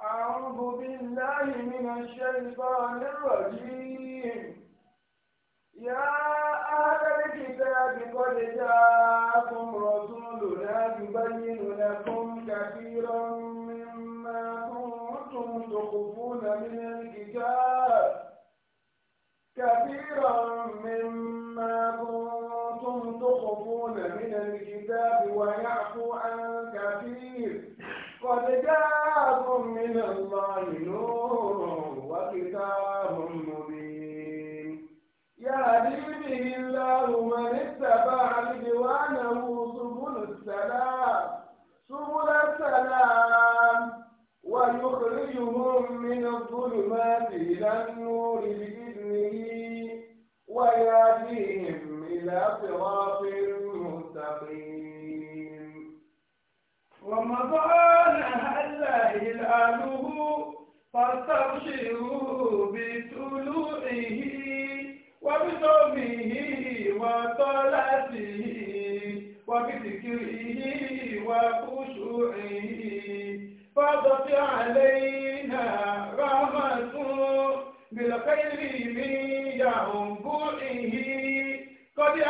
أعوذ بالله من الشيطان الرجيم يا أهل الكتاب قد جاءكم رسولنا يبين لكم كثيرا مما كنتم تخفون من الكتاب كثيرا مما كنتم تخفون من الكتاب ويعفو عن قد جاءكم من الله نور وكتاب مبين يهدي به الله من اتبع رضوانه السَّلَامِ السلام سبل السلام ويخرجهم من الظلمات إلى النور بإذنه ويهديهم إلى صراط رمضان هلا هلاله فاستبشروا بطلوعه وبصومه وصلاته وبذكره وخشوعه فضت علينا رحمة بالخير من ينبوعه قد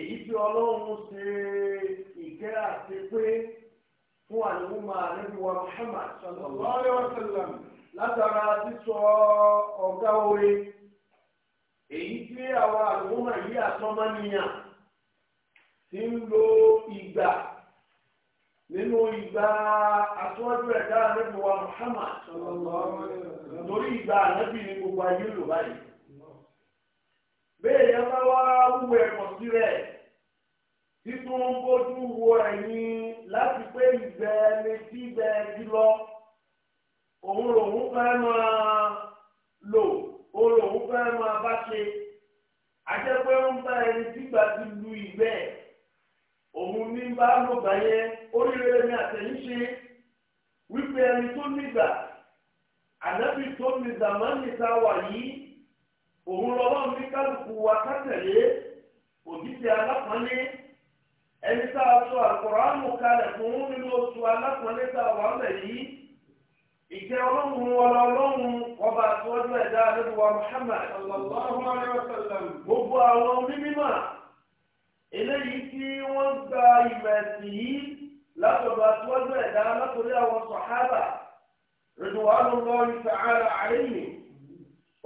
èyí tí ọlọ́run ṣe ìkẹ́ àti pé fún àlùmọ́ àlejò wa Muhammad sallallahu alaihi wasallam látara sísọ ọ̀gá orí èyí tí àwọn àlùmọ́ yìí àtọ́mọ́nìyàn ti ń lo ìgbà nínú ìgbà àtúwájú ẹ̀dá àlejò wa Muhammad sallallahu alaihi wasallam torí ìgbà ànábì ní gbogbo ayé lò báyìí bẹ́ẹ̀ yẹn bá wá wú ẹ̀kọ́ sílẹ̀ títún bójú wo ẹ̀yìn láti pé ìgbẹ́ ẹni tí ìgbẹ́ ẹni lọ òun lòun fẹ́ máa lò òun lòun fẹ́ máa bá ṣe àjẹpẹ́ ń bá ẹni tí ìgbà ti lu ìgbẹ́ òun ní bá lọ́gbà yẹn oríire ni àtẹ̀yìn ṣe wípé ẹni tó nígbà ànábì tó ní zàmánì tá a wà yìí òun lọ́wọ́ ní kálukú wa kátẹ̀lé òjíṣẹ́ alápọ̀nlé ẹni tá a sọ àkùránù kalẹ̀ fún nínú oṣù alápọ̀nlé tá a wà mẹ́ yìí ìjẹ́ ọlọ́run wọlé ọlọ́run ọba àtiwájú ẹ̀dá àdébùwà Muhammad sallallahu alaihi wasallam gbogbo àwọn onímọ̀ eléyìí tí wọ́n gba ìmọ̀ ẹ̀sìn yìí látọ̀dọ̀ àtiwájú ẹ̀dá látọ̀dọ̀ àwọn sàhábà ridwanullahi ta'ala alaihim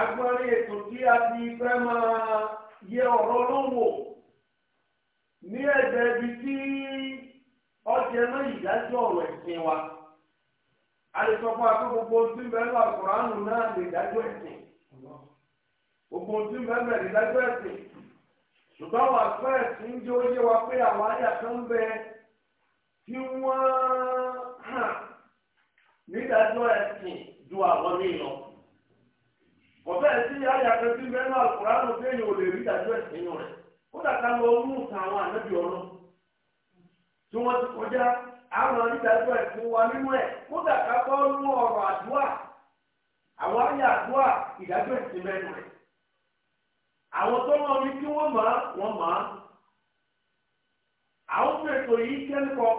agbọ́nrín ètò tí a ti fẹ́ máa yẹ ọ̀rọ̀ lọ́wọ́ ní ẹ̀jẹ̀ ibi tí ọjẹ́ náà ìdájọ́ ọ̀rọ̀ ẹ̀sìn wa. àlùsọ̀kọ́ àti gbogbo tí mẹ́lú àkùránù náà lè dájọ́ ẹ̀sìn. gbogbo tí mẹ́lú ìdájọ́ ẹ̀sìn. ṣùgbọ́n àwọn àgbẹ̀ ń jẹ́ wa pé àwọn àyà kan tí wọ́n hàn nídájọ́ ẹ̀sìn ju àwọn kò bẹ́ẹ̀ sí àyàfẹ́ sí mẹ́rin àkùránù pé èèyàn ò lè rí dájú ẹ̀sìn inú rẹ̀ ó dàgbà lọ mú ìtàn àwọn ànábì ọ̀nà tí wọ́n ti kọjá àwọn onídàájú ẹ̀sìn wa nínú ẹ̀ ó dàgbà kọ́ mú ọ̀rọ̀ àdúrà àwọn àdúrà ìdájọ́ ẹ̀sìn mẹ́rin rẹ̀ àwọn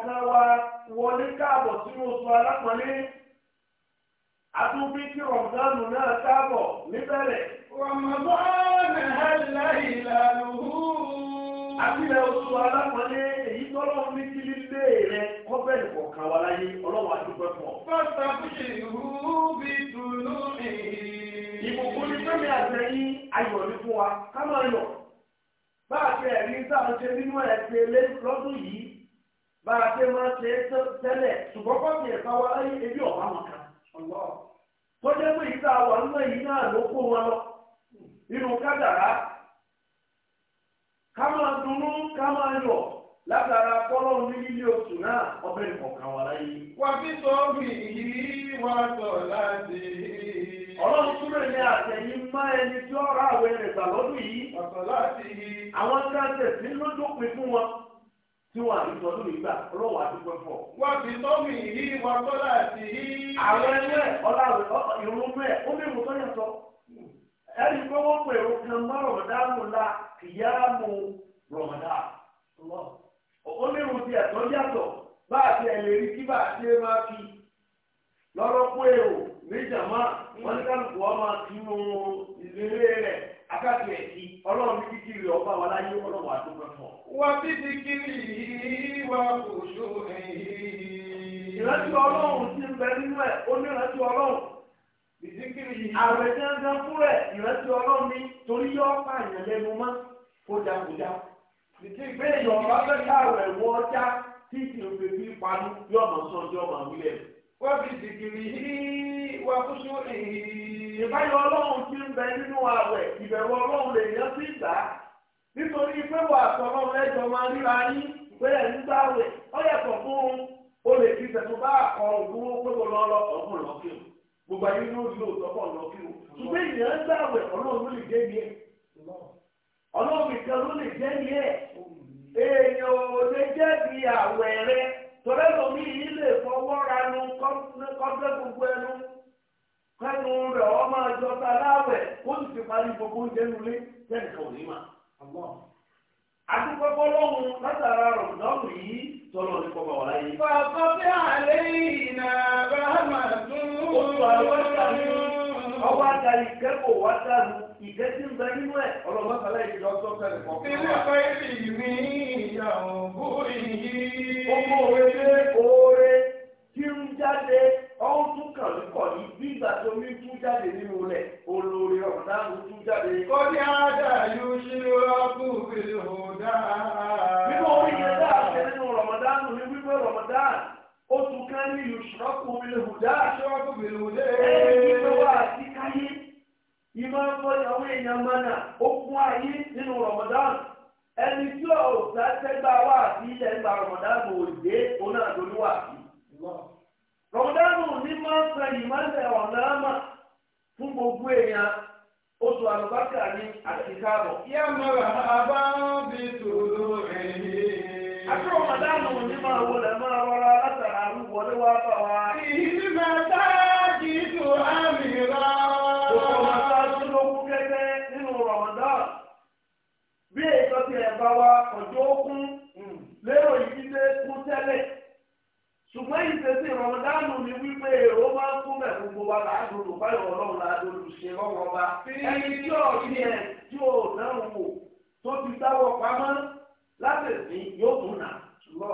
wa wọlé káàbọ̀ sínú oṣù àtúnbí kí rọ̀mùdánù náà sábọ̀ níbẹ̀rẹ̀. rọ̀mùdánù hẹ́lẹ́ ìlànà àbílẹ̀ oṣù alákọ̀ọ́lé èyí tọ́lọ́run ní kí lílé rẹ̀ wọ́n bẹ̀rẹ̀ kọ̀ọ̀kan wa láyé ọlọ́run àdúgbò fún ọ. bàtà bíi rúbì tùlù ìhì. ìbùkún ní fẹ́mi àtẹ̀yìn ayọ̀ ní fún wa ká máa yọ̀. bá a ṣe ẹ̀rí sáà ṣe nínú ẹ̀sìn ilé lọ́dún yìí bá a ṣe máa ṣe tẹ́lẹ̀ ṣùgbọ́n kọ́sì ẹ̀ka wa láyé ebi ọ̀bá wọn kan. kọjá pé ìta wà nínú èyí náà ló kó wọn lọ nínú kádàrá ká máa dunnú ká máa yọ̀ látara kọ́lọ́run ní ilé oṣù náà ọbẹ̀ ìkọ̀kan wà láyé. wà á sọ ọ́bì wà sọ láti. ọlọ́run ní àtẹ̀yìn má ẹni tí àwẹ̀ rẹ̀ gbà lọ́dún yìí. láti. àwọn tí a tẹ̀sí fún wọn. tí wọn àti sọ lórí gbà ọlọ́wọ́ àdúgbò fọ. wọ́n ti tọ́ mi wọ́n tọ́ láti yí. àwọn ẹgbẹ́ ọ̀làwẹ̀ ìrún mẹ́ ó ní ẹni pé wọ́n pè kan la kìyà rọ̀mọ̀dá. ó ní yàtọ̀ bá a ti ẹ̀lẹ́ rí kí bá a ti máa fi. lọ́rọ́ akáàtú ẹ̀ sí ọlọ́run bí kíkiri ọba wa láyé ọlọ́run àdúgbò fọ. wà á bí kíkiri yìí wà kò ṣó ẹ̀yìn. ìrántí ọlọ́run ti ń bẹ nínú ẹ̀ ó ní ìrántí ọlọ́run. ìsíkiri yìí. ààrẹ tí wọn gan fún rẹ ìrántí ọlọ́run ní torí yọ pààyàn lẹ́nu mọ́ kódà kódà. ìsíkiri yìí ọba fẹ́ ká rẹ̀ wọ ọjà tí kì í fi fi panu yọ̀ọ̀mọ̀ sọ́jọ́ màwílẹ̀. wà á bí kíkiri yìí wà kò ṣó ẹ̀yìn. ìbáyọ̀ ọlọ́run ti ń bẹ nínú àwẹ̀ ìbẹ̀rù ọlọ́run lè yàn sí ìgbà nítorí pé wà àtọ̀lọ́run ẹjọ́ máa ríra yín pé ẹ̀ ń gbàwẹ̀ ó yàtọ̀ fún un lè fi bá òdúró pé kò lọ ọ̀gbọ̀n lọ́kì gbogbo ayé ló lò tọ́pọ̀ o ṣùgbọ́n ìyẹn ń ọlọ́run lè jẹ́ ọlọ́run fẹ́nu rẹ̀ ọ máa jọ ta láwẹ̀ ó sì ti parí gbogbo oúnjẹ nulẹ̀ sẹ́ni kan ò ní mà. Adúgbòkò lọ́hùn látara rọ̀dọ́ọ̀mù yìí tọ́lọ̀ ní kọ́kọ́ wà láyé. Bàbá bí àlẹ́ ìnà bá máa dún. Ó sọ àwọn ọ̀sán ní ọwọ́ àgàlì kẹ́kọ̀ọ́ wá dànù ìjẹ́ ń bẹ nínú ẹ̀ ọlọ́mọ sálẹ̀ ìjọ tó fẹ́rẹ̀ kọ́. Ilé ọ̀pá ìlú mi ìyàwó bóyí. Ó mọ̀ wẹ́lẹ́ oore tí ń jáde ọ̀hún tún kàn ní kọ̀ọ̀lì nígbà tó mi tú jáde nínú rẹ̀ olórí ọ̀dà mi tú jáde. kọ́dí ádá yóò ṣe rọ́ọ̀kù bìrì ọ̀dà. nínú orí yẹn dáa ṣe nínú rọ̀mọ̀dánù ní wípé rọ̀mọ̀dánù ó tún ká ní yòṣùrọ́kù bìrì ọ̀dà. ṣọ́ọ̀kù bìrì ọ̀dà. ẹni tó wà sí káyé ìmọ̀ ẹ̀kọ́ èèyàn mọ́nà ó kún ayé nínú rọ̀mọ̀dánù ẹni tí ò rọmọdánù ní máa ń san ìmọ̀lẹ̀ ọ̀nà àmà fún gbogbo èèyàn oṣù àlùbákà ní àtìkáàbọ̀. yá mara àbá bí tòló ẹ̀yìn. àti rọmọdánù ní máa wọlé máa rọra látara arúgbó ní wàá wa. ìdí máa tá a tó àmì rà. kẹ́kẹ́ ṣùgbọ́n ìṣesí ìrọ̀mọdánù mi wípé èrò máa ń kún bẹ̀rù gbogbo wa láà dòdò báyọ̀ ọlọ́run láà dòdò ṣe lọ́wọ́ bá. ẹni tí ò ní ẹ tí ò náà wò tó ti dáwọ́ pamọ́ látẹ̀sí yóò tún nà lọ.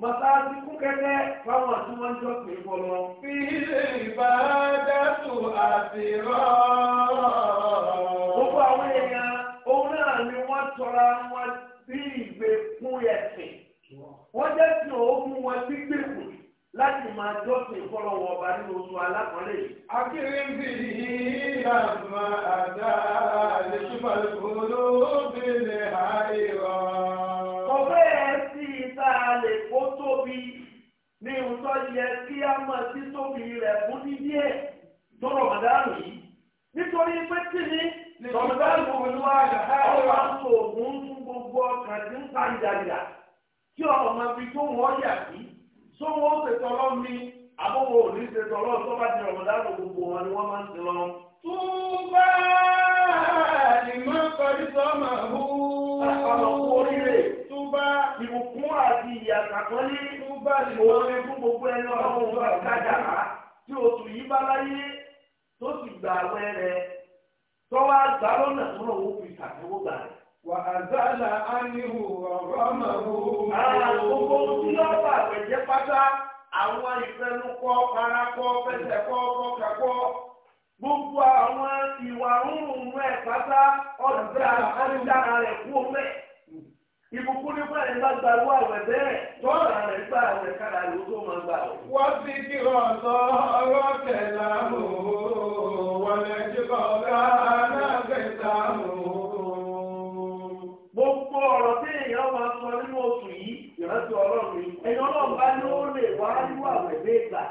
mọ̀sáàsì kún kẹ́kẹ́ fáwọn tí wọ́n jọ pé fọlọ́. fi ilé ìbádàtù àti rọ́ọ̀. gbogbo àwọn èèyàn òun náà ni wọ́n tọra wọn bí ìgbèkùn ẹ̀sìn wọ́n jẹ́ kí òun mú wọn gbígbé kù láti máa jọ́sìn fọlọ́wọ́ ọba nínú oṣù alákọ̀ọ́lẹ̀ yìí. akéré ń bì í àmà àdá lè túbọ̀ lòló bẹ̀rẹ̀ àìrọ̀. ọ̀pẹ́ ẹ̀ sí ìta lè kó tóbi ní ìwúntọ́ yẹ kí á mọ̀ sí tóbi rẹ̀ fún níbí ẹ̀ tó rọ̀mọ̀dánù yìí nítorí pé kí ni rọ̀mọ̀dánù olúwa àgbà ọ̀rọ̀ àti òògùn fún gbogbo ọkàn tí ń pa ìdàgbà kí ọmọ máa fi tó wọn yà sí tó wọn ó ṣètò ọlọ́run ní àbọ̀wọ̀ òní ṣètò ọlọ́run tó bá di ọ̀rọ̀ dáàbò gbogbo wọn ni wọ́n máa ń ṣe lọ. túbà àlìmọ́kọ̀rí sọ́mà hù. àkàlọ̀ kú oríire. túbà ìbùkún àti ìyàtàkọ́lé. túbà ìwọlé fún gbogbo ẹni ọlọ́run tó bá kájà á tí oṣù yìí bá láyé tó sì gbà àwẹ̀ rẹ̀ tọ́wọ́ àgbà lọ́nà tó lọ́wọ́ fi ṣàtẹ́wọ́ gbà rẹ̀. wàhálà ánìhù ọ̀rọ̀ màmú. àgbogbo tí wọ́n àwọn ìfẹnukọ parakọ fẹsẹkọ gbogbo àwọn ìwà ẹ pátá rẹ kú ọmọ ẹ ìbùkún nípa rẹ̀ bá gba owó àwẹ̀ bẹ́ẹ̀ tọ́ra rẹ̀ gba àwẹ̀ kára ló tó máa gbà ó. wọ́n ti kí ọ̀sọ́ ọ̀rọ̀ tẹ̀lá ọ̀rọ̀ tí èèyàn máa sọ nínú oṣù yìí ìrántí ọlọ́run ni ẹni ọlọ́run bá ní ó lè wá irú àwẹ̀ bẹ́ẹ̀ gbà.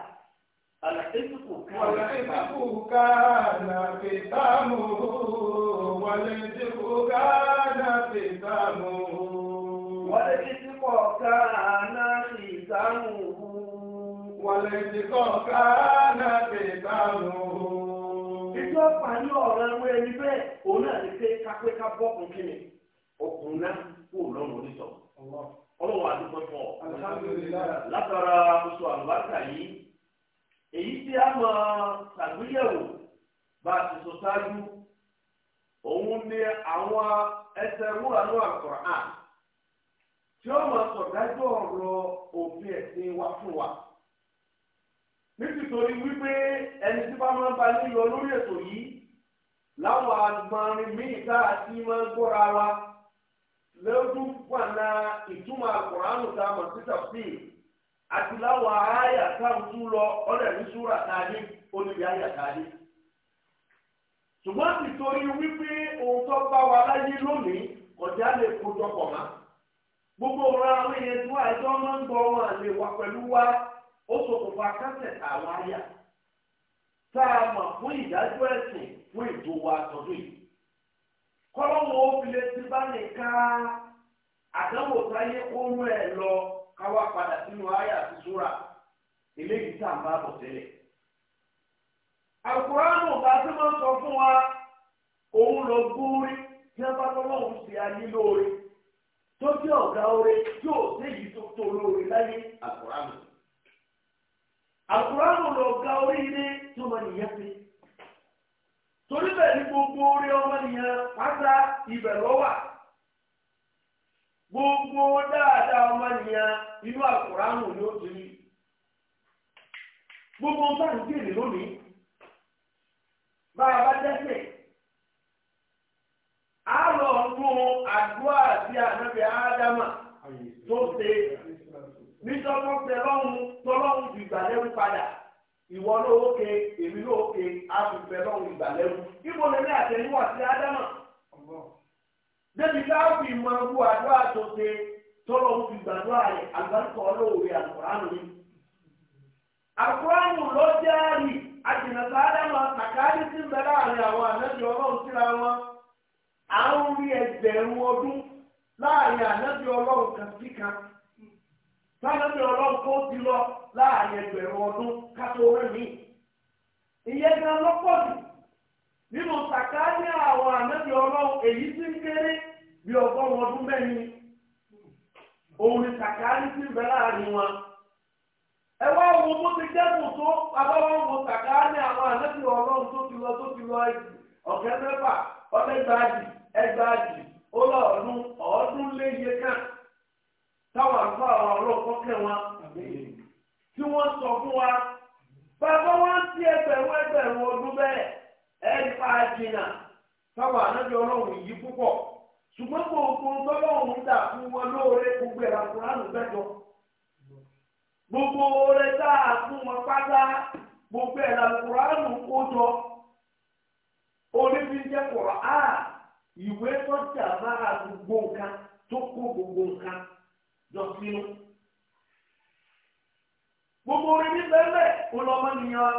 Àlàkésìkò kan. Àlàkésìkò káàdà fìtàmù wọlé síkò káàdà Wọlé síkò ọ̀rọ̀ ẹni bẹ́ẹ̀ òun náà kí ni kúrò lọ́rùn onítọ̀. ọlọ́wọ́ àdúgbò fún látara oṣù àlùbáṣà yìí èyí tí a máa ṣàgbéyẹ̀wò bá a ti sọ ṣáájú òun ni àwọn ẹsẹ̀ wúrà ní tí ó máa ọ̀rọ̀ òfin ẹ̀sìn wa fún wa nítorí wípé ẹni tí bá máa ń nílò lórí ètò yìí láwọn míì lẹ́dún wàhánà ìtumọ̀ àkùránù tá a mọ̀ sí tafsir àti láwọn àáyà táwọn lọ ọ̀dẹ̀ ní súrà tàdé olùdí àyà tàdé. ṣùgbọ́n ti torí wípé ohun tó bá wa láyé lónìí kọjá lè kójọ pọ̀ gbogbo ọ̀rọ̀ àwọn èèyàn tí wọ́n àjọ máa ń gbọ́ wọn àlè wà pẹ̀lú wa ó ṣokùnfà kásẹ̀ àwọn àyà tá a mọ̀ fún kọ́lọ́mù obìnrin ti bá nìkan àdánwò táyé ohun lọ káwá padà sínú àyà àti súra eléyìí tá à ń bá bọ̀ tẹ́lẹ̀. àkùránù bá tí wọ́n sọ fún wa òun ló gbórí tí bá ṣe ayé lóore tó oore tí ò séyìí tó ga orí ilé torí bẹ́ẹ̀ ni gbogbo orí ọmọnìyàn pátá ibẹ̀ ló gbogbo dáadáa ọmọnìyàn inú ó ti rí gbogbo ń bá ń lónìí a bá dẹ́sẹ̀ á lọ nú àdúrà sí ànábì ádámà tó ṣe nítorí lọ́hùn tọ́lọ́hùn ti gbà ìwọ náà òkè ke èmi náà ó ke àfìfẹ́ lọ́wọ́ ìgbàlẹ́wù ibo lẹ́ni àtẹ̀yìnwó àti ádámà. débi káàpì máa wú àdúrà tó tọ́lọ̀ ń fi àkùránù ni. àkùránù ló jẹ́ àrì àjìnàtà ádámà sí àwọn ọlọ́run síra wọn. rí ẹgbẹ̀rún sábẹ́bí ọlọ́run tó ti lọ láàrin ẹgbẹ̀rún ọdún kátó rẹ̀ mí. ìyẹn gan lọ́pọ̀ jù nínú sàkáàní àwọn ànábì ọlọ́run èyí tí ń kéré bí ọgọ́rùn ọdún mẹ́rin òun ni sàkáàní ti ń bẹ láàrin wọn. ẹ wá wo bó ti dẹ́kun tó abáwọn wo sàkáàní àwọn ànábì ọlọ́run tó ti lọ tó ti lọ ọ̀kẹ́ mẹ́fà ọ̀lẹ́gbàájì ẹgbàájì ó lọ ọdún ọdún léye kan. táwọn àgbà ọlọ́kọ́ kẹ́ wọn tí wọ́n sọ fún wa bàbá wọn ti ẹgbẹ̀rún ẹgbẹ̀rún ọdún bẹ́ẹ̀ jìnnà táwọn ọlọ́run yìí púpọ̀ ṣùgbọ́n gbogbo ẹ̀rọ gbogbo oore tá a gbogbo ẹ̀rọ kó jọ kọ̀ọ̀ á ìwé yọ sínú. gbogbo orin níbẹ̀ bẹ́ẹ̀ ó lọ́mọ nìyẹn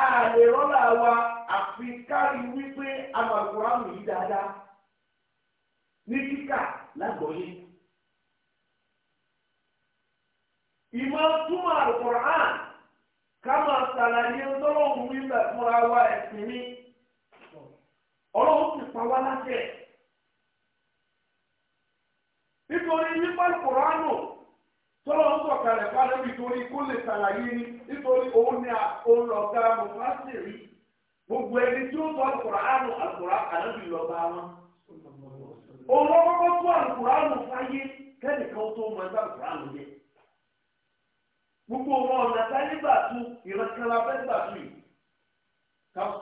ààrẹ rọ́là wa àfi kárí wípé amàkùrá mi dáadáa ní kíkà lágbọ̀ọ́yé. ìmọ̀ túmọ̀ àlùkùrán ká máa ṣàlàyé ọlọ́run wípé fúnra wa ẹ̀sìn mi ọlọ́run ti pa wá láṣẹ. nítorí nípa ìkùránù tọ́lọ̀ ń sọ̀kalẹ̀ fáwọn ẹbí torí kó lè ṣàlàyé ni nítorí òun ni òun lọ́gá mufasiri gbogbo ẹni tí ó sọ ìkùránù àkùrá ànábì lọ́gá wọn. òun lọ kọ́kọ́ tó àkùránù fáyé kẹ́nìkan tó mọ ẹgbẹ́ àkùránù yẹ. gbogbo ọmọ ọ̀nà fẹ́ gbà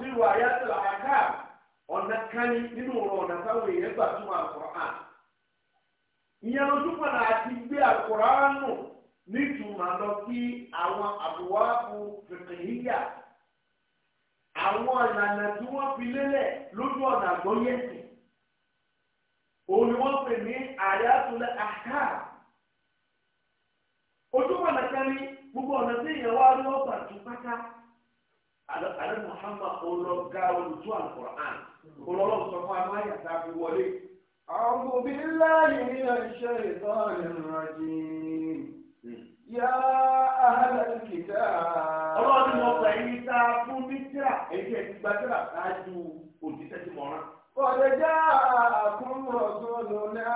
yìí. ọ̀nà kan nínú ọ̀nà táwọn èèyàn gbà ìyẹn ojú padà àti gbé àkùránù nítumọ̀ lọ sí àwọn àbúwáàbù fìfìhíyà àwọn ìlànà tí wọ́n fi lélẹ̀ lójú ọ̀nà àgbọ́yẹ̀sìn òun ni wọ́n pè ní àyàtúlẹ̀ àká ojú padà kárí gbogbo ọ̀nà tí èèyàn wá rí ọ̀pá tó pátá alẹ́ Muhammad olọ́gá olùtú àkùránù olọ́lọ́sọ̀kọ́ àwọn àyàtà fi wọlé. أعوذ بالله من الشيطان الرجيم يا أهل الكتاب ọlọ́run ni ọkọ̀ ẹ̀yin tá a fún ní tíra èyí ẹ̀ ti gba tíra ṣáájú òjíṣẹ́ tí mo rán. ọ̀rẹ́ já àkúrò ọ̀sán lọ́nà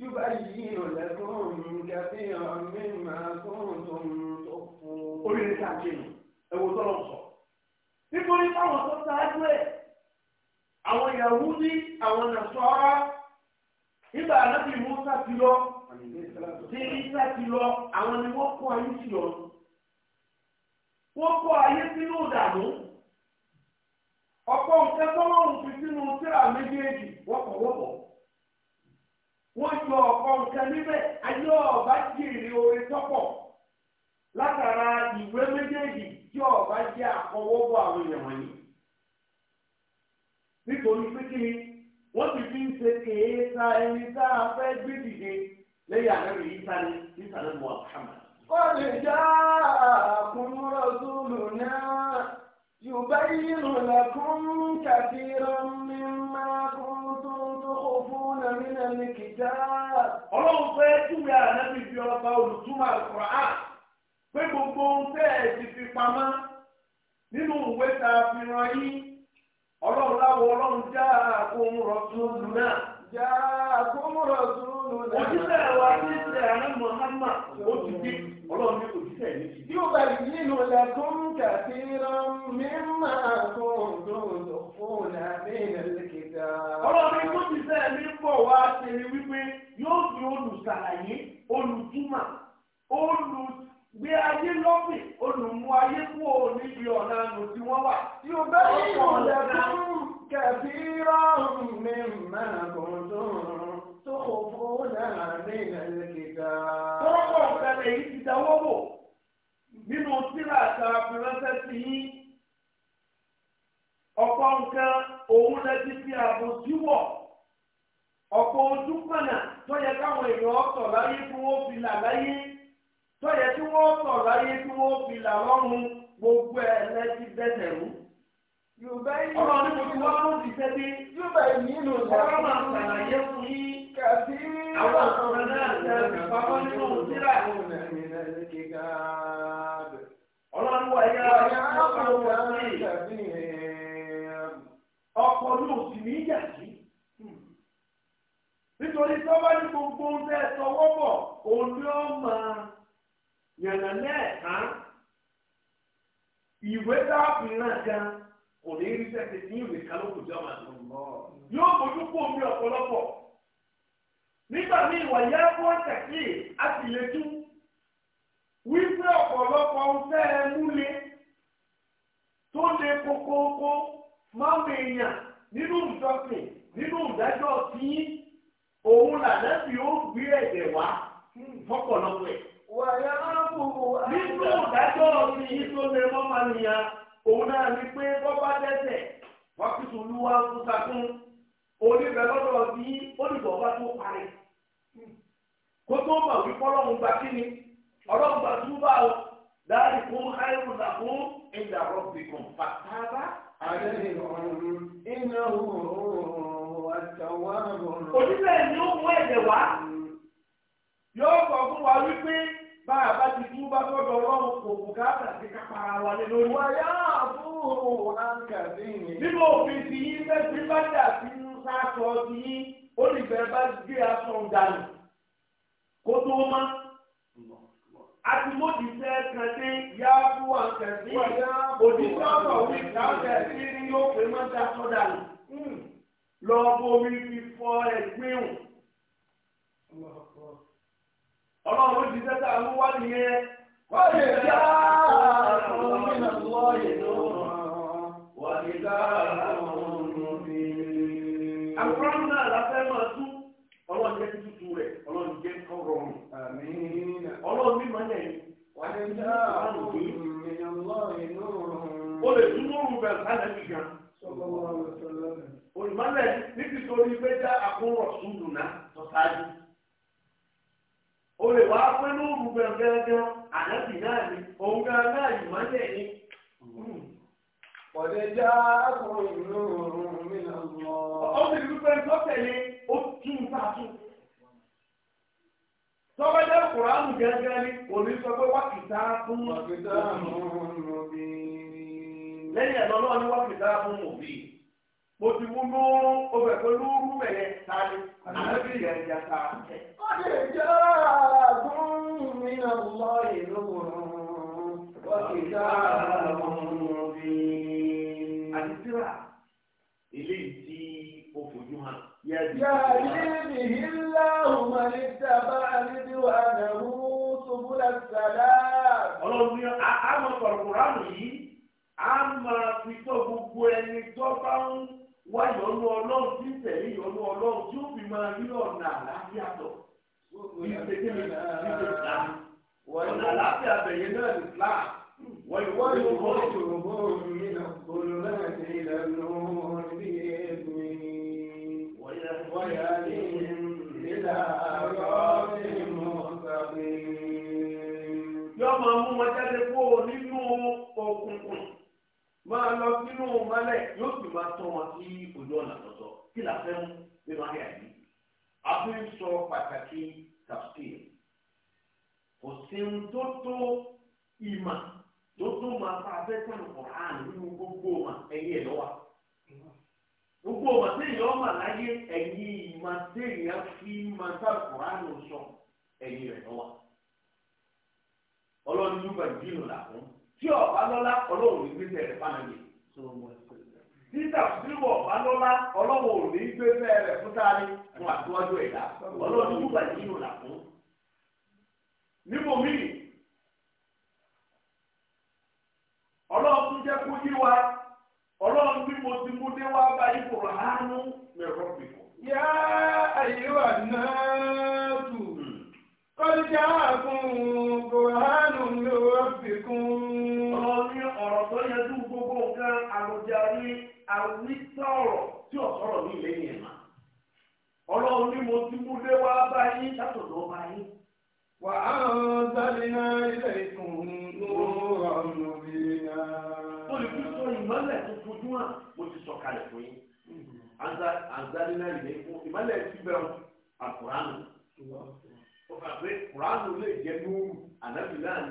yóò bá yí ọ̀lẹ́kùn kẹfí ọ̀mí màá tún tún tó fún. orí ẹ̀ka kí ni ẹ̀wọ̀n tó lọ sọ. nítorí táwọn tó ṣáájú ẹ̀ àwọn Yahudi àwọn Nasara nígbà anábì Musa ti lọ ní Isa ti lọ àwọn ni wọ́n kó ayé sí lọ wọ́n kó ayé sínú ìdààmú ọ̀pọ̀ nǹkan tọ́lọ́run fi sínú tírà méjèèjì wọ́pọ̀wọ́pọ̀ wọ́n yọ ọ̀pọ̀ nǹkan níbẹ̀ ayé ọ̀bá jèrè orin tọ́pọ̀ látara ìwé méjèèjì tí ọ̀bá jẹ́ àkọwọ́bọ̀ àwọn èèyàn wọ̀nyí nítorí pé kí ni wọ́n ti fi ń ṣe èéta ẹni tá a fẹ́ gbé dìde lẹ́yìn àná rẹ̀ yíta ni yíta ni mo àkàmà. قد جاءكم رسولنا يبين لكم كثيرا مما كنتم تخفون من الكتاب. ọlọ́run fẹ́ túwé ànábì bí ọba olùtúmọ̀ àkùrá pé gbogbo ohun tẹ́ ẹ ti fi pamọ́ nínú ìwé tá fi ràn yín ọlọ́run láwọ ọlọ́run já àkóhun rọ̀túnú náà. já àkóhun rọ̀túnú náà. òjíṣẹ́ wa ti ṣe àná Muhammad ó ti bí ọlọ́run ní òjíṣẹ́ mi. yóò bá yìí nínú lakum kathiran mimma kuntum tukhfuna min al-kitab. ọlọ́run ní òjíṣẹ́ mi bọ̀ wá ṣe wípé yóò di olùṣàlàyé olùtúmọ̀ olùtúmọ̀ gbé ayé lọ́pìn olùmú ayé kú ò níbi ọ̀nà àmì tí wọ́n wà. tí o bẹ́ ìmọ̀ lẹ́kún kẹ̀bí rọrùn mi máa gùn dùn tó kò fún àmì ẹ̀lẹ́gẹ̀dá. tọ́pọ̀ ìṣẹ̀lẹ̀ yìí ti dáwọ́ wò nínú sílà àti àfiránṣẹ́ sí yín. ọ̀pọ̀ nǹkan òun lẹ́tí fi ààbò síwọ̀ ọ̀pọ̀ ojú pọ̀nà tó yẹ káwọn èèyàn ọ̀tọ̀ láyé fún ó fi là láyé tọ́jà tí wọ́n sọ̀rọ̀ ayé tí wọ́n fi làwọn mu gbogbo ẹ̀ lẹ́sí bẹ́sẹ̀ rú. yorùbá yìí ọ̀rọ̀ ní kò tí wọ́n mú ti sẹ́bi. yorùbá yìí nínú ọ̀rọ̀ máa ṣàlàyé fún yín. kàbí àwọn ọ̀rọ̀ náà ṣe àgbàpamọ́ nínú síra. ọlọ́run wà yá ọ̀pọ̀lọpọ̀ sí ní òsì ní ìjà nítorí tọ́wọ́ ní gbogbo ń fẹ́ sọ wọ́pọ̀ òun ni ó máa yànnà mẹ́ẹ̀kan ìwé dáàbì náà gan kò ní rí sẹ́sẹ̀ ní ìwé kálókò jọba lọ. yóò bójú kó omi ọ̀pọ̀lọpọ̀ nígbà míì wà yá fún ọ̀tẹ̀kì àtìlẹ́jú wípé ọ̀pọ̀lọpọ̀ ń fẹ́ ẹ múlé tó lé kókóókó máa ń èèyàn nínú ìjọsìn nínú ìdájọ́ tí òun làdá fi ó gbé ẹ̀jẹ̀ wá fọ́pọ̀lọpọ̀ ẹ̀ nínú ìdájọ́ mi yìí tó lè mọ́ máa nìyà òun náà ní pé bọ́bá dẹ́sẹ̀ wá fi sùúrù wá ń sakún oníbẹ̀ lọ́dọ̀ bí olùdó bá tó parí kó tó mọ̀ wí pọ́lọ́hún gba kí ni ọlọ́hún gba túbà o dáàrí fún ayélujára fún ìjà rọ̀bì kan pàtàkì. àdéhùn ọ̀run iná òòrùn àtàwọn ọ̀run. òṣìṣẹ́ ni ó mú ẹ̀jẹ̀ wá yóò sọ fún wa wípé bá a bá ti tún bá gbọ́dọ̀ ọlọ́run kò kò káàtà sí kápá wa lé lórí. wàyà àbúrò àǹkàdé yẹn. nínú òfin ti yín fẹ́ẹ́ bá dà sí aṣọ ti yín ó lè bẹ̀rẹ̀ bá gbé aṣọ ọ̀dàlù kó tó má. Atimodisẹ́ kan dé yá fún àǹkàdé yẹn. Òdìsẹ́ ọ̀rọ̀ wí káàtà sí ni yóò pè má dá sọ́dà lù. Lọ bomi fi fọ ẹgbẹ́ wọn ọlọ́run ló ti tẹ́tà ló wá nìyẹn. wọ́n lè já àwọn gómìnà lọ ìlú wọ́n lè já àwọn olùdí. àkùrán náà la fẹ́ máa tú ọlọ́run jẹ́ tútù rẹ̀ ọlọ́run jẹ́ kọ́ rọrùn. ọlọ́run bí màá yẹn. wọ́n lè já àwọn gómìnà lọ ìlú. o lè tún lóru bẹ̀rù sálẹ̀ mi gan. olùmọ̀lẹ̀ nítorí pé já àkúrọ̀ sùn dùn náà tọ́sáájú. o lè wá pé lóòrùn gbẹ̀ngẹ́gẹ́ ànábì náà ni òun gan náà yìí máa ń ní. Ọ̀dẹ já ọkùnrin ìlú òórùn mi náà lọ. Ó gẹ́gẹ́ ni kò ní sọ pé wákìtá o ti mú lóòrò o bẹ̀ pé lóòrò bẹ̀rẹ̀ sáré àlọ́bí rẹ̀ ń jata. ó lè jẹ́ àgún mi náà ìlú wọn kì í dá àwọn bí. àdìsíra eléyìí tí o fojú hàn. yàrá bìbí láwùn máa ní dábàá nídìí wà náà subula salam. ọlọ́run ní àmọ̀ kọ̀ọ̀kùnrán yìí a fi tó gbogbo ẹni tó bá ń wá ìyọnu ọlọ́run tí ń tẹ̀lé ìyọnu ọlọ́run tí ó fi máa rí ọ̀nà àlàáfíà lọ. ọ̀nà àlàáfíà bẹ̀yẹ náà ní Islam. wọ́n ìwọ́n yóò wọ́n ìṣòro bó omi nínú gbòòrò náà ní ìlànà orí ẹ̀gbìn. wọ́n yà ní ìlà àárọ̀ nínú ọ̀sàgbìn. yọ́ọ̀ máa mú wọn jáde kó o nínú òkùnkùn máa lọ sínú mọ́lẹ̀ yóò sì máa tọ́ wọn sí ojú ọ̀nà tọ̀tọ̀ kí la fẹ́ mú nínú ayé àyè. a fi ń sọ pàtàkì tafsir kò sí ń tó tó ìmà tó tó máa fa abẹ́tẹ̀ Kùránì nínú gbogbo ọmọ ẹ̀yẹ lọ́wọ́ gbogbo ọmọ téèyàn ọmọ láyé ẹ̀yìn ìmà téèyàn fi máa ta Kùránì sọ ẹ̀yìn rẹ̀ lọ́wọ́ ọlọ́run yóò gbà jíìnù làkún. tí ọba lọ́lá ọlọ́run ní gbé fẹ́ẹ́ fánàbí. tí tàbísírìwọ̀ ọba lọ́lá ọlọ́run ní gbé fẹ́ẹ́ rẹ̀ fún táàrí fún àtúwájú ẹ̀dá ọlọ́run ní gbúgbà yìí yóò là fún. níbo míì ọlọ́run jẹ́ kó yí wa ọlọ́run bí mo ti mú dé wá bá ipò yá àwítọ̀rọ̀ tí ọ̀sọ̀rọ̀ ní ilé yẹn ọlọrun ni mo ti múlé wá bá yín látọ̀dọ̀ wà á náà ilé ìkùn lóra lóbìnà. mo lè fi sọ ìmọ̀lẹ̀ tó fojú hàn mo ti fún yín. náà ilé ìkùn ìmọ̀lẹ̀ ti pé kùránù lè jẹ́ ànábìlà ń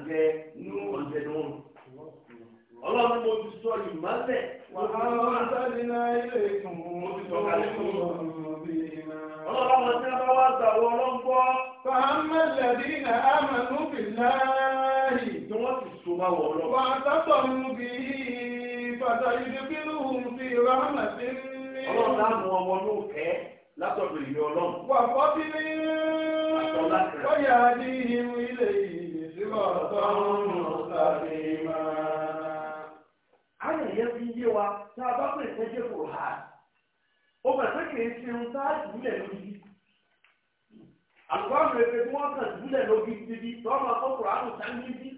ọlọ́run mo ti sọ ìmọ̀lẹ̀. wàhálà sábìnà ilé ìkùn mo ti sọ kalẹ̀ fún ọlọ́run ọmọ tí a bá wá gbà wọ ọlọ́run gbọ́. fàámẹ́lẹ̀ dínà àmàlú bìláàrì. ni wọ́n ti so bá wọ ọlọ́run. wàá sábà mú bí pàtàkì ìdíbírù fi rámàtí mi. ọmọ ní òkè látọ̀dọ̀ ìlú ọlọ́run. wà fọ́tí ní wọ́yà ní ìhìn ilé ìsìnkú ọ̀tọ̀ ọ̀run ọ̀tàbí. wa tá a bá pè é kò hà ó bẹ̀ pé kì ṣe ohun tá a jùlẹ̀ lórí àlùkò ẹgbẹ́ tí kàn jùlẹ̀ lórí bíbí lọ́nà àkókò àrùn sáyé bí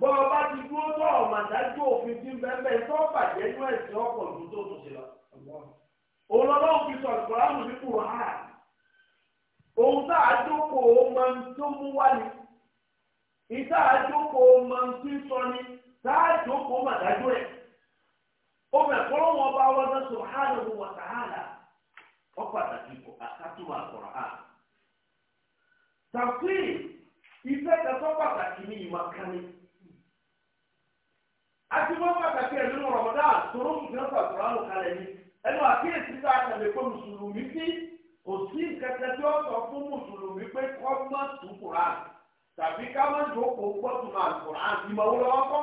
bọ́ọ̀ bá ti dúró ọ̀mà dájú òfin tí ń bẹ́ẹ̀ bàjẹ́ ẹ̀sìn ọkọ̀ ìlú tó tó ṣe lọ fi sọ ní kùrọ̀ tá a jókòó tó mú ọmọ ẹ̀kọ́ wọn bá wọn náà subhanahu wa ta'ala ọ pàtàkì kò àkàtúmọ̀ àkọ̀rọ̀ à. tàfíì ìfẹ́ kẹsọ́ pàtàkì ní ìmọ̀ kánì. àti wọn pàtàkì ẹ̀ nínú Ramadan àtòrò ìgbà pàtàkì àwọn kalẹ̀ ni ẹnu àkíyèsí tá a kàlẹ̀ kó mùsùlùmí sí òsì kẹkẹ tí ó sọ fún mùsùlùmí pé kọ́ mọ́ tún kùrán tàbí ká má jókòó gbọ́tùmọ̀ àkùrán ìmọ̀ wọlé wọn kọ́.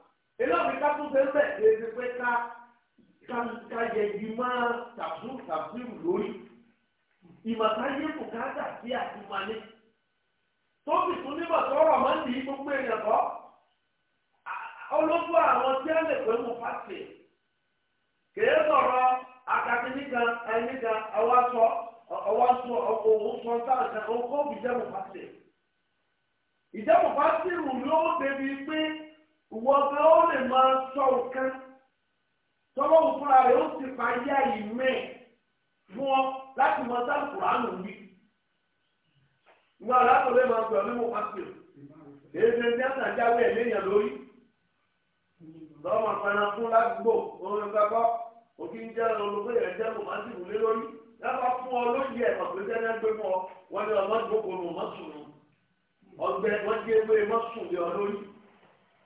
ilé òbí ká tún ṣe ń bẹ̀ ṣe é pé ká ká yẹ ìmọ̀ tàbíù tàbíù lórí ìmọ̀ ká yé bùkátà sí àtìmọ́lé tó sì tún nímọ̀ tó rọ̀ mọ́ ní gbogbo èèyàn kọ́ ológun àwọn tí a lè pé mo fà sí kèé sọ̀rọ̀ àkàtì nìkan ẹni kan ọwọ́ sọ ọwọ́ sọ òun sọ sáà òun kó òbí jẹ́ mo fà ìjẹ́ mo fà sí ìrùn ló débi pé wọ́n fẹ́ ó lè máa sọ nǹkan tọ́wọ́ òfúra rẹ̀ ó sì fa yá ìmẹ̀ fún ọ láti mọ sáà kùránù wí. Ìwọ alákọ̀ọ́lẹ́ máa gbọ̀ mímú pàṣẹ. Èdè ní àtàjáwé ẹ̀ léèyàn lórí. Lọ́wọ́ àpẹẹrẹ fún ládùúgbò òun gbàgbọ́. Òkè ń jẹ́ olùkọ́ yẹn jẹ́ kò má sì wù lé lórí. Lábà fún ọ lóye ẹ̀ pàpẹ́ jẹ́ náà gbé fún ọ. Wọ́n ní ọmọ ìgbókòó ọmọ sùn. Ọgbẹ́ wọ́n jẹ́ ewé mọ́sùn lé ọ lórí.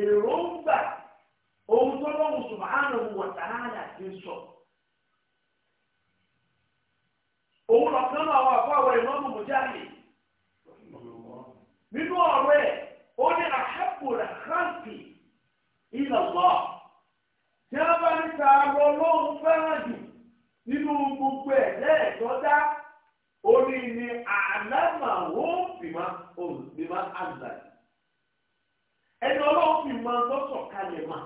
èròǹgbà ohun tó lọ́wọ́ subhanahu wa ta'ala ti sọ. òun lọ́kàn náà wà fún àwọn ìmọ̀mù mọ̀jáde. nínú ọ̀rọ̀ ẹ̀ ó ní àṣẹ́kù rẹ̀ kàǹtì ilallah. tí a bá ní ta lọ lọ́hùn fẹ́ràn jù nínú gbogbo ẹ̀ lẹ́ẹ̀dọ́dá orí ni wọ́n ẹni ọlọ́run fi máa tó sọ̀kalẹ̀ mà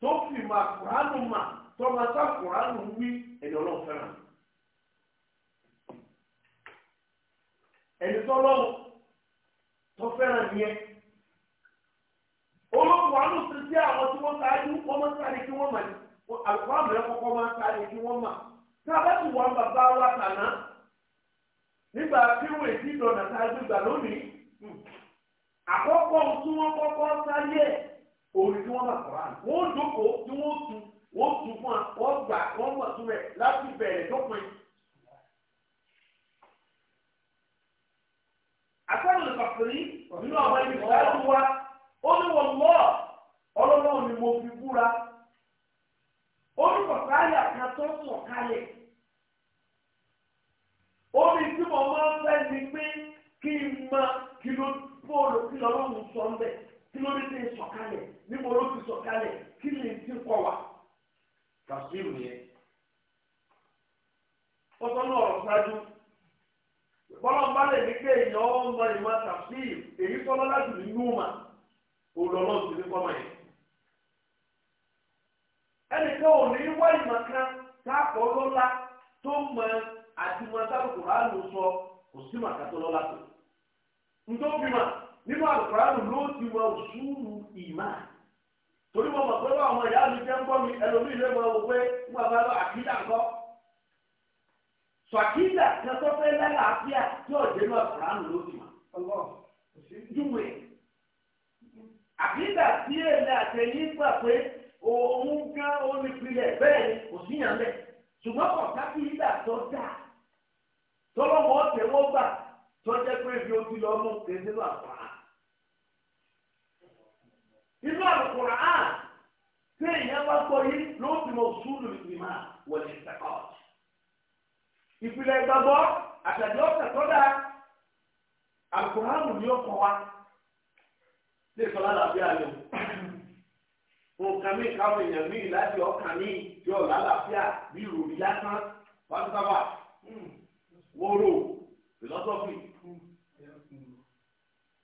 tó fi máa kùránù mà tó máa sá kùránù wí ẹni ọlọ́run fẹ́ràn. ẹni tọ́lọ́run tó fẹ́ràn yẹn olóògùn àánú sí àwọn tí wọ́n ṣáájú wọ́n máa sáré kí wọ́n mà ní àlùkò àmọ́lẹ́ kọ́kọ́ máa sáré kí wọ́n mà tá a bá ti wà bàbá nígbà tí wọ́n ìdọ̀nà lónìí. àkọ́kọ́ tí wọ́n kọ́kọ́ sáyé òun ni wọ́n bá kọ́ra wọ́n jókòó. mọ̀súlù ìgbìmọ̀ wọlé ìtẹ̀kọ́t. ìpìlẹ̀ ìgbàgbọ́ àtàdé ọ̀sẹ̀ tó dáa alukóhánù ni ó kọ́ wa lè sọ lálàáfíà lò nǹkan mi káwọn èèyàn mi láti ọkàn mi yọ lálàáfíà bí ìròyìn lásán pátápátá hmm, wóró philosophy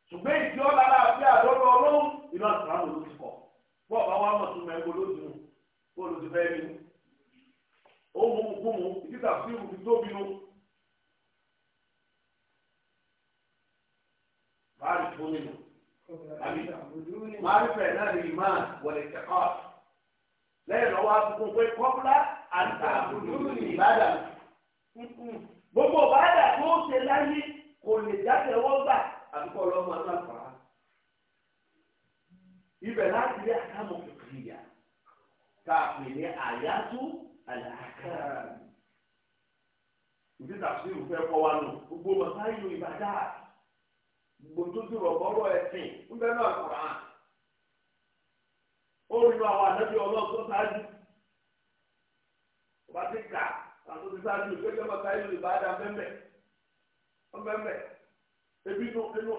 ṣùgbọ́n ìdí ọ̀la láàfin àdọ́rọ̀ ọlọ́run ìlú àtúrà ló ti kọ̀ bọ́ọ̀ bá wà mọ̀ tó mọ ẹgbẹ́ olóògùn olùdíbẹ́ mi ó mú kú mu títà sí ìwù tó bínú. báàrí fún mi nù àbí máàrí fẹ̀ náà ní ìmá wọlé kẹ́kọ̀ọ́ lẹ́yìn lọ́wọ́ àtúntò pé kọ́pùlá àtà àbùdúrú ní ìbàdàn gbogbo bàdà tó ṣe láyé kò lè jáde wọ́gbà àbíkọ́ ọlọ́mọ aláǹfààní ibẹ̀ láti rí àkàmọ̀ kékeré yàrá tá a pè ní àyájú àyàká. Ìdí tàbísírù fẹ́ kọ́ wa nù gbogbo màmá ìlú ìbàdà gbogbo tó dúró bọ́rọ̀ ẹ̀sìn ń bẹ́ náà kúrà. Ó nu àwọn àdájọ́ ọlọ́run tó sáájú. Ọba ti kà àtúntò ti sáájú ìgbẹ́jọ́ màmá ìlú ìbàdà mẹ́mẹ́. Mẹ́mẹ́. Ebi inú inú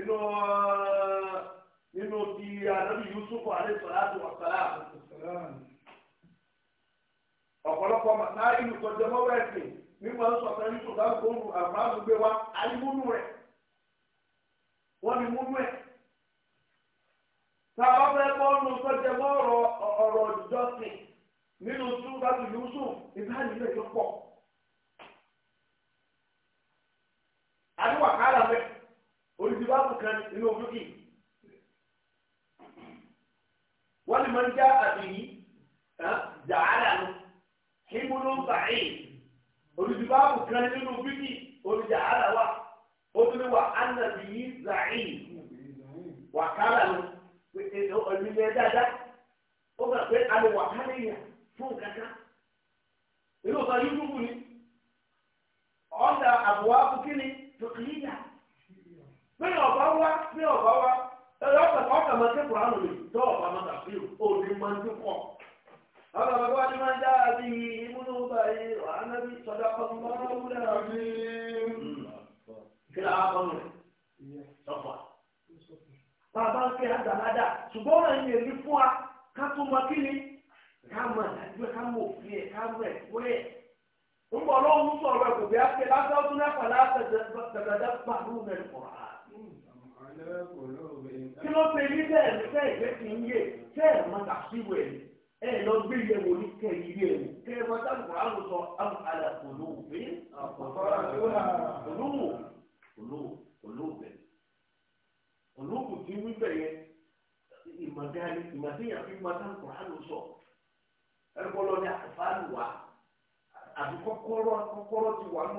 inú ọ̀ọ́ nínú ti ànábì Yusufu alẹ́sọ̀láàtù ọ̀sọ̀lá. ọ̀pọ̀lọpọ̀ màtá ìlú kọjá mọ́wọ́ ẹ̀sìn nígbà sọ̀tọ̀ Yusuf àgbóhùn àgbáàdùn gbé wa alimúnú rẹ̀ wọ́n ni múnú ẹ̀. táwa fẹ́ bọ́ọ̀lù kọjá mọ́ ọ̀rọ̀ ìjọsìn nínú túbàtù Yusuf ìbáyìí lè pọ̀. adúwàkálà mẹ́ olùdíbàbù kan nínú òfin kìí. ولمن جاء به جعله حمل ضعيف olùdìbàbù kan nínú bíbí olùdìhàlà wa ó tún ní wà ánàbìyí zàyìn wà kálà ló ọ̀nìyẹ dáadáa ó gbà pé alẹ́ wà kálẹ̀yà fún kankan inú ọ̀sán yìí dúkù ẹ̀rọ ọ̀kà ọ̀kà máa kẹ́kọ̀ọ́ àrùn mi tó ọ̀pá máa tàbí òní máa ń dúpọ̀. ọ̀kà bàbá ni máa ń dá àbí ìmúlò báyìí ọ̀hánábí sọ̀dọ̀ kan mọ́ wúlẹ̀ àbí. kíláà bọ́ọ̀lù sọ̀fà. bàbá ń kẹ́ àgbàládà ṣùgbọ́n náà ń fún wa ká tó kí ni ká ká òfin ẹ̀ ká ẹ̀kọ́ ẹ̀. ń bọ̀ lọ́wọ́ sọ̀rọ̀ ẹ̀kọ́ bí kí ló pe ní bẹ́ẹ̀ fẹ́ ìgbé ti ń yé tẹ́ ẹ̀ máa dàsíwò ẹ̀ ẹ̀ lọ gbé ilé wo ní kẹ́ ilé ẹ̀ kẹ́ ẹ máa dábò kọ́ àwọn sọ àwọn àlà tí wí ìmọ̀dáni fi máa àwọn sọ ní wa àbí kọ́kọ́rọ́ kọ́kọ́rọ́ ti wà ní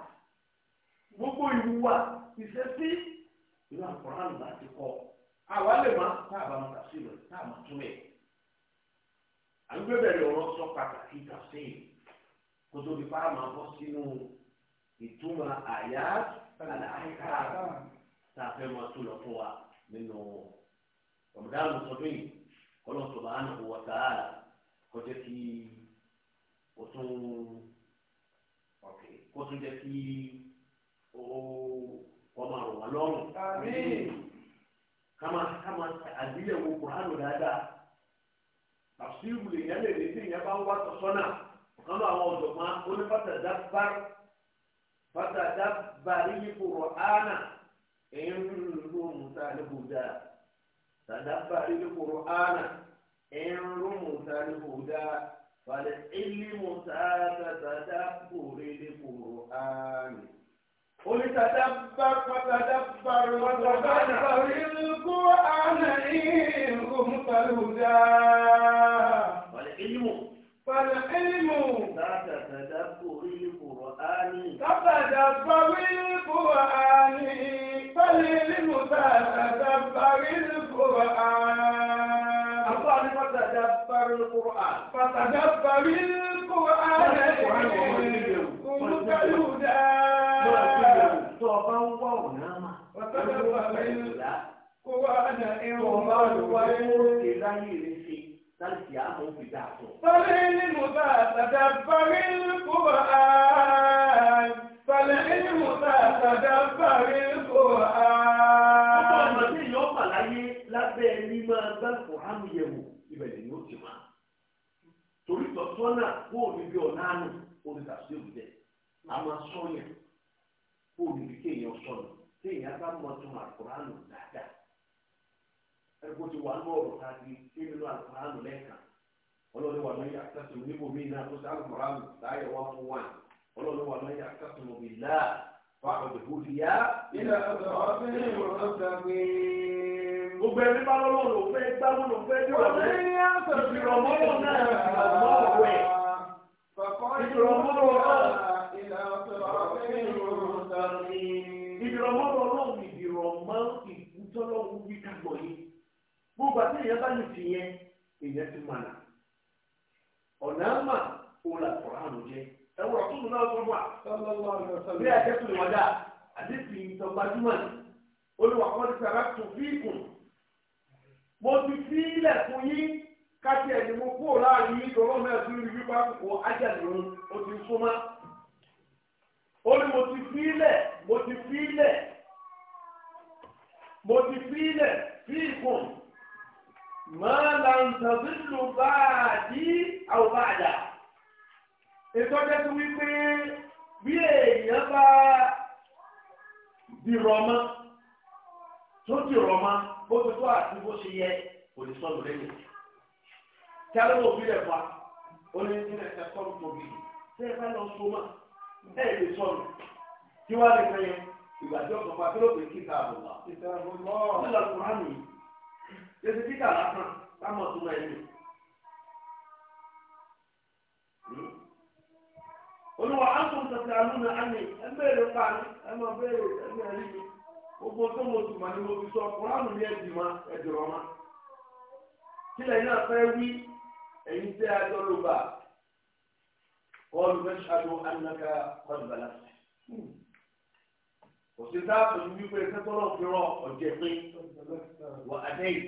gbogbo ìwúwa ìṣesí ìlú àkùránù láti kọ àwa lè má tá a bá mú tàṣí rẹ tá a má tún ẹ àdúgbò bẹ̀rẹ̀ ọ̀rọ̀ sọ pàtàkì tàṣí kó tó di pa máa bọ́ sínú ìtumọ̀ àyà àlàáká tá a fẹ́ máa tún lọ fún wa nínú ọ̀mọdánù sọdún yìí kọ́lọ́ tó bá nà wọ sáà kọjá kí o tún kó tún jẹ́ kí. ọmọ àrùn wà lọ́rùn. kama kama àgbéyẹ̀wò kuranu dáadáa tàbísírù lèyìn lè ní ya ìyẹn bá ń wá sọ́nà ọ̀kan lọ àwọn ọ̀dọ́gbọ́n onífàtà dábàr fàtà dábàr yìí kúrò ánà èyí bùdá tàdábàr yìí kúrò ánà èyí ń lò ń ta ní bùdá. فالعلم تاتى ولتدبر فتدبر وتدبر القرآن إن كنت الهدى والعلم فالعلم كتدبر القرآن القرآن فالعلم كتدبر القرآن الله فتدبر القرآن فتدبر القرآن كنت الهدى tó ọba ń wá ọ̀nà mà. Bàbá wa mi kó wá àná irun ọba olùwà yẹn. Ó ti láyé rẹ̀ ṣe láti àmọ́ òbí dà tó. Bàbá ní mo bá àtàdá bàbá kó wá àán. Bàbá ní mo bá àtàdá bàbá kó wá àán. Bàbá àgbà tí ìyọ́ pàláyé lábẹ́ ẹni máa gbá Kùránù yẹ̀wò ìbẹ̀lẹ̀ ni ó ti máa. Torí tọ̀tọ́ èèyàn bá mọ tún àkùránù dáadáa ẹgbẹ́ ti wà lọ́wọ́ ọ̀rọ̀ káàkiri tí nínú àkùránù lẹ́ẹ̀kan ọlọ́run wà lọ́yìn àkàtúntò níbo mi náà tó sáà àkùránù láyọ̀ wá fún wa ọlọ́run wà lọ́yìn àkàtúntò bí láà fàkọ̀dùkú ti yá. ilẹ̀ ọ̀sẹ̀ ọ̀sẹ̀ ìwòsàn mi. gbogbo ẹni bá lọ́wọ́ ló fẹ́ gbá lọ́wọ́ fẹ́ dìbò ìdìrọ̀mọ́ bó ba tí èèyàn bá lè fi yẹn èèyàn ti mà nà ọ̀nà àmà òun là kọ̀ hàn jẹ́ ẹ wọ́n tó lọ́wọ́ sọ wà bí àjẹsùn lè wọ́dà àdéhùn ìtọ́gbàdúmọ̀ olùwà kọ́ ti sàrà tó fi kùn mo ti fi ilẹ̀ fún yín kájí ẹni mo kúrò láàrin yín tó lọ́mọ ẹ̀sùn rí wípé àkókò ajẹ́lú o ti súnmọ́ ó ní mo ti fi ilẹ̀ mo ti fi ilẹ̀ mo ti fi ilẹ̀ fi ìkùn. Ma ń tọ́sílù bá a dí àwòbá àdá. ìtọ́jẹ́ tó wípé bí èèyàn bá dìrọ̀ mọ́ tó dìrọ̀ mọ́ bó ti tó àti bó ṣe yẹ kò ní sọ́nù lẹ́yìn. tí a lọ́wọ́ òbí rẹ̀ fa ó ní nílẹ̀ ẹ̀ sọ́nù tóbi tẹ́ ẹ bá lọ so mọ́ ẹ̀ lè sọ́nù kí wàá lè fẹ́ yẹn ìgbàjọ́ kọ̀ọ̀kan kí ló pè kí ká àbùkù. ìtàn àbùkù náà. Yéésù títà lásán táwọn ọ̀tún máa ń lò. Olúwa á tún tẹ̀sí àlùmí àmì ẹgbẹ́rẹ́ pa ni ẹ máa bẹ̀rẹ̀ ẹ̀mí ẹ̀rí mi. Gbogbo tó mo tùmọ̀ ni mo fi sọ Kùránù ní ẹ̀dì ma ẹ̀dùrọ̀ ma. Kílẹ̀ náà fẹ́ wí ẹ̀yin tẹ́ ajọ́ ló Kọ́ọ̀lù mẹ́ṣáájú Anaka kọ́ọ̀lù Òṣìṣẹ́ àpèjì wípé kẹ́kọ̀ọ́ rọ ọ̀jẹ̀ pé wà á dẹ́yìn.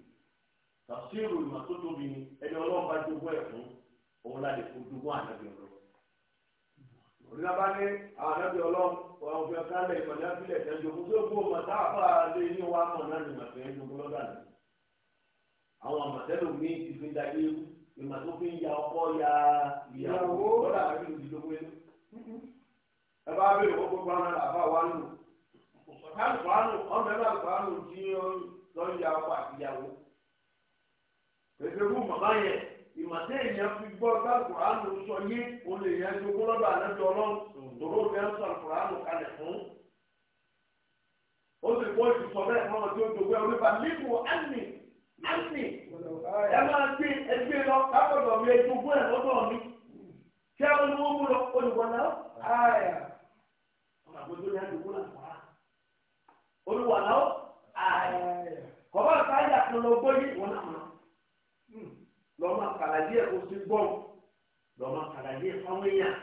tàbísírù ìmọ̀ tó tóbi ni ẹni ọlọ́run bá jogún ẹ̀ fún òun láti fún jogún ànábì ọlọ́run. onígbàbá ní àwọn ọlọ́run lẹ̀ tẹ̀ jogún tó gbó ọmọ tá a fà á lé ní wa mọ̀ náà ni màtẹ́ jogún lọ́dà ni. ya ọkọ ya ìyàwó lọ́dà àbí jogún ẹ gbẹgbẹrú màmá yẹn ìmọ̀tẹ́ èèyàn fi gbọ́ bá kùránù sọ yé olè yẹn tó kó lọ́dọ̀ àlejò ọlọ́run tòró fẹ́ sọ kùránù kalẹ̀ fún. ó sì kó ìsọ bẹ́ẹ̀ fún ọmọ tí ó dògbé orí ba nínú ánì ánì ẹ máa gbé ẹgbẹ́ lọ kápọ̀dọ̀ mi ẹ̀dógún ẹ̀ lọ́dọ̀ mi kí ẹ ló mú lọ olùkọ́ náà ààyà ọmọ àgbẹ̀dọ́ ni ẹ̀dógún náà wá olùwà náà ààyà kọ́ bá ká yà kó lọ gbóyè wọn náà Hmm. lọ́mọ àkàlàyé ẹ̀ kó sí gbọ́n lọ́mọ àkàlàyé ẹ̀ fáwọn èèyàn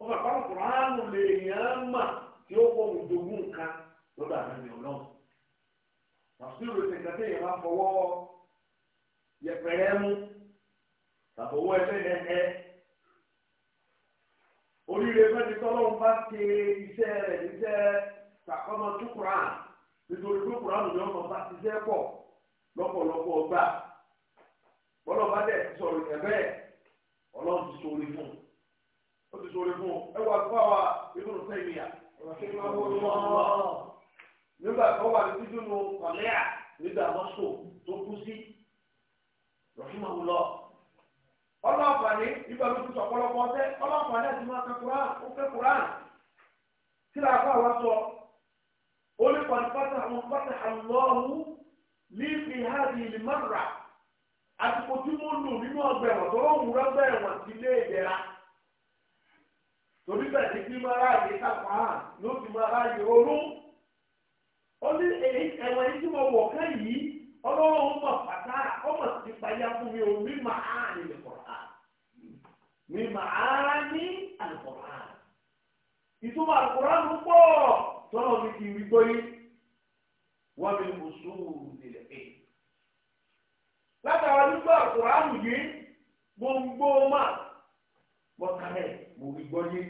ọmọ àpapọ̀ lè yàn mà tí ó kọ́ òdòwú nǹkan lọ́dọ̀ àwọn ènìyàn náà tàbísírò ti nǹkan tí máa fọwọ́ yẹpẹrẹ mú tàbọ̀wọ́ ẹgbẹ́ ẹ̀ẹ́ oríire fẹ́ni tọ́lọ́run bá ṣe iṣẹ́ rẹ̀ níṣẹ́ nítorí ni gbà bọ́lọ̀ bá dẹ̀ ti sọ̀rọ̀ yẹn bẹ́ẹ̀ ọlọ́run ti sọ̀rọ̀ fún un ó ti sọ̀rọ̀ fún un ẹ wà fún àwa ibùdó sẹ́yìn yà nígbà tó wà ní títí nu kọ̀lẹ́à nígbà mọ́sọ̀ tó kú sí lọ́sùn àwọn lọ. ọlọ́ọ̀fàní nígbà tó ti sọ ọ̀pọ̀lọpọ̀ ọ̀tẹ́ ọlọ́ọ̀fàní àti máa ka kuran ó fẹ́ kuran kí lóò àgbà wa sọ ó ní pàtàkì àwọn pàtàkì àwọn ọ̀hún. níbi ha ìlímọ́ra àsìkò tí mo lò nínú ọgbà ẹ̀wọ̀n tó ń wúrọ́ gbà ẹ̀wọ̀n ti lé ìlera torí bẹ́ẹ̀ ni kí máa ráàyè kápá hàn ló ti máa ráàyè ó ní ẹ̀wọ̀n yìí tí mo wọ̀ ká yìí ọlọ́run mọ̀ pàtà ọmọ ti payá fún mi o mi máa ní ìlẹ̀kọ̀rọ̀ mi máa ní ìtumọ̀ tọ́lọ́ mi wọ́n fi mùsùlùmù nílẹ̀ pé. látara nígbà kùránù yìí gbogbo máa pọ̀kálẹ̀ mo rí gbọ́ yé.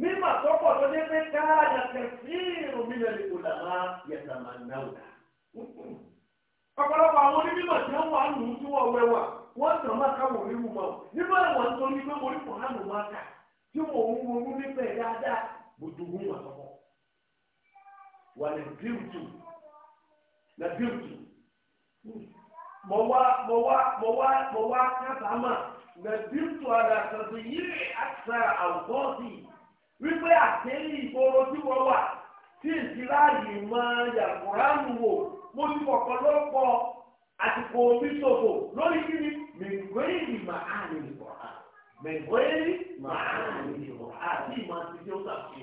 mímà tó pọ̀ tó dé pé káàdà kẹsí ìrùmílẹ̀ ní kòlàmá yẹ̀sà máa ń náwó. ọ̀pọ̀lọpọ̀ àwọn onímọ̀ tí wọ́n wà lù ú tí wọ́n wẹ̀wà wọ́n tàn máa ká wò ríru mọ́ nígbà wọn tó ní pé mo rí kùránù máa kà tí mo ń ronú nípa ẹ̀ dáadáa gbogbo wọn wàlẹ̀bíùtù lẹ̀bíùtù mo wá mo wá mo wá mo wá kábàámà lẹ̀bíùtù àdàkàtà yìí àṣà àwùjọ́sì wípé àtẹ́lẹ̀ ìgboro tí wọ́n wà tí ìsìláàyè máa yàgòránù wò mo ti kọ̀kọ́ lọ́pọ̀ àsìkò omi ṣòfò lórí kíni mẹ̀gbẹ́rì màá nìyí kọ̀ọ̀hán mẹ̀gbẹ́rì màá nìyí kọ̀ọ̀hán àti ìmọ̀ àti ìjọba ṣe.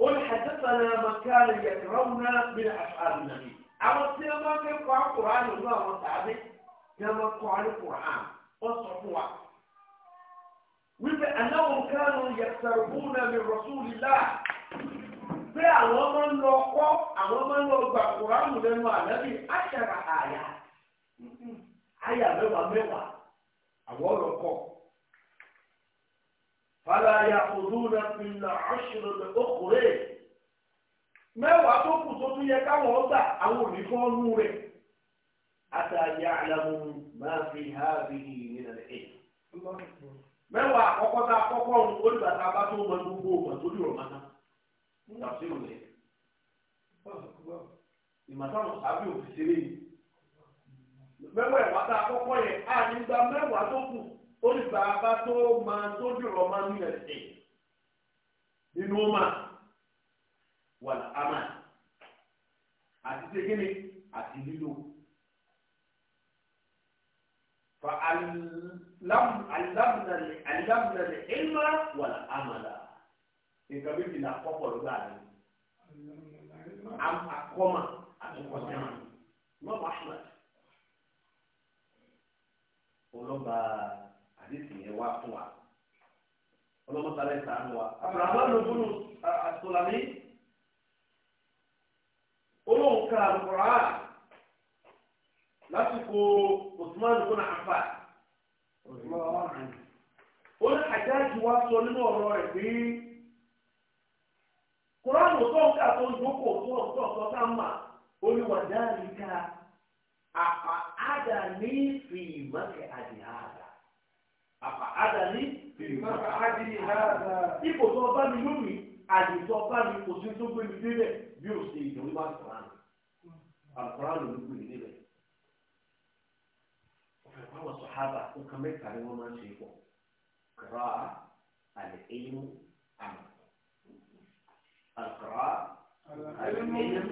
قل حدثنا من كان يكرهون من أشعار النبي أما سيما كيقع القرآن الله وتعالى كما قع القرآن والصحوة wípé anáwọn kánú yẹtàrúbùnà mi rọ̀súlìlá pé àwọn máa ń lọ kọ́ àwọn máa ń lọ gbà kúránù lẹ́nu ànábì àṣàrà àyà àyà mẹ́wàá mẹ́wàá àwọn ọ̀rọ̀ kọ́ fàlà yàtúndúnà fìlà ọ̀ṣìrò lókùrẹ́ mẹ́wàá tó kù tó tún yẹ káwọn ọgbà àwọn òní fún ọ́nú rẹ̀ àtàyà àlàmù máa fi ha bí ìrìnà rẹ̀ mẹ́wàá àkọ́kọ́ tá a kọ́kọ́ ń olùbàtà bá tó mọ gbogbo ọmọ tó dì ọ̀mọ náà nígbà tí ò lẹ̀ ìmọ̀tàwọn sábì òfìsèré yìí mẹ́wàá ìwádà àkọ́kọ́ yẹn á mẹ́wàá tó kù ó ní bàbá tó máa tó dùrọ̀ máa ń yàn sí nínú ọmọ wàlà àmà àti tẹ́gẹ́ni àti lílo. فعلمنا العلم والعمل nǹkan méjì la kọ́kọ́ ló gbàdé akọ́mà àtúkọ̀sẹ́mà lọ́wọ́ ahmed olọ́ba àdìsí yẹn wá fún wa ọlọ́mọsálẹ̀ sàánú wa. abdulhamid lóbúnú àtúnlámí olóhùn kan àlùkòrá lásìkò Usman ibn Affan ó ní àjáàjì wa sọ nínú ọ̀rọ̀ rẹ̀ pé kúránù tó ń kà tó ń jókòó tó ń tọ̀ tó ká mà olùwàdá nìka àpá àdà ní fìmọ́kẹ́ àdìhàdà àkàdà ní ìmọ̀ká ádìrí hàdà. ipò tó ọba mi lónìí àyè tó ọba mi kò sí tó gbé mi délẹ̀ bí ó ṣe ìdánwò bá kọ̀ọ̀rán àkọ̀ọ̀rán ló gbé mi délẹ̀. ọ̀fẹ́ pàwọ̀ sọ̀hábà nǹkan mẹ́ta ni wọ́n máa ń ṣe pọ̀ kàrà àlẹ́ ẹ̀yìn àmọ̀ àkàrà àlẹ́ ẹ̀yìn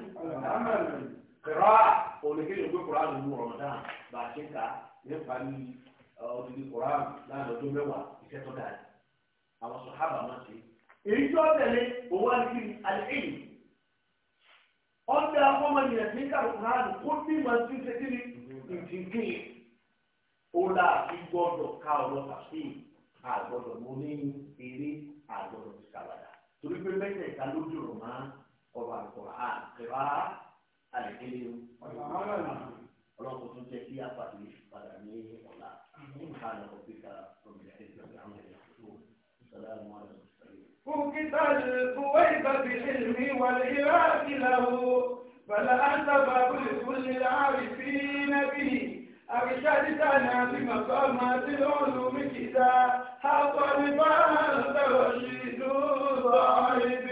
àmọ̀ kàrà òní kí ló gbé kọ̀ọ̀rán ló mú rọ̀mọ̀dán bàtí ká nípa ní odidi koran láàrin ọdún mẹ́wàá iṣẹ́ tó dáa àwọn sọ̀hábà máa ṣe. èyí tí wọ́n tẹ̀lé òun àdìgí àdìgí ọ̀dà ọmọnìyàn tí ń kà koran kó tí màá ti ṣe kí ni ìdínkì ó là fi gbọ́dọ̀ ká ọ̀rọ̀ tàbí àgbọ̀dọ̀ mú ní eré àgbọ̀dọ̀ ti sàbàdà torí pé mẹ́tẹ̀ẹ̀ta ló dùn ọ̀ máa ọ̀rọ̀ àkọ́rọ̀ àkẹ́rọ̀ àlẹ́kẹ́lẹ́ ọlọ́run tó tún jẹ́ kí apàdé padà ní ọ̀la. سبحان ربك رب العزة عما يصفون سلام على المرسلين فوقت الكويت بالعلم والإراك له بل أنت باب لكل العارفين به أرشدتنا بمقامات العلوم كذا حق البحر رشيد ضعيف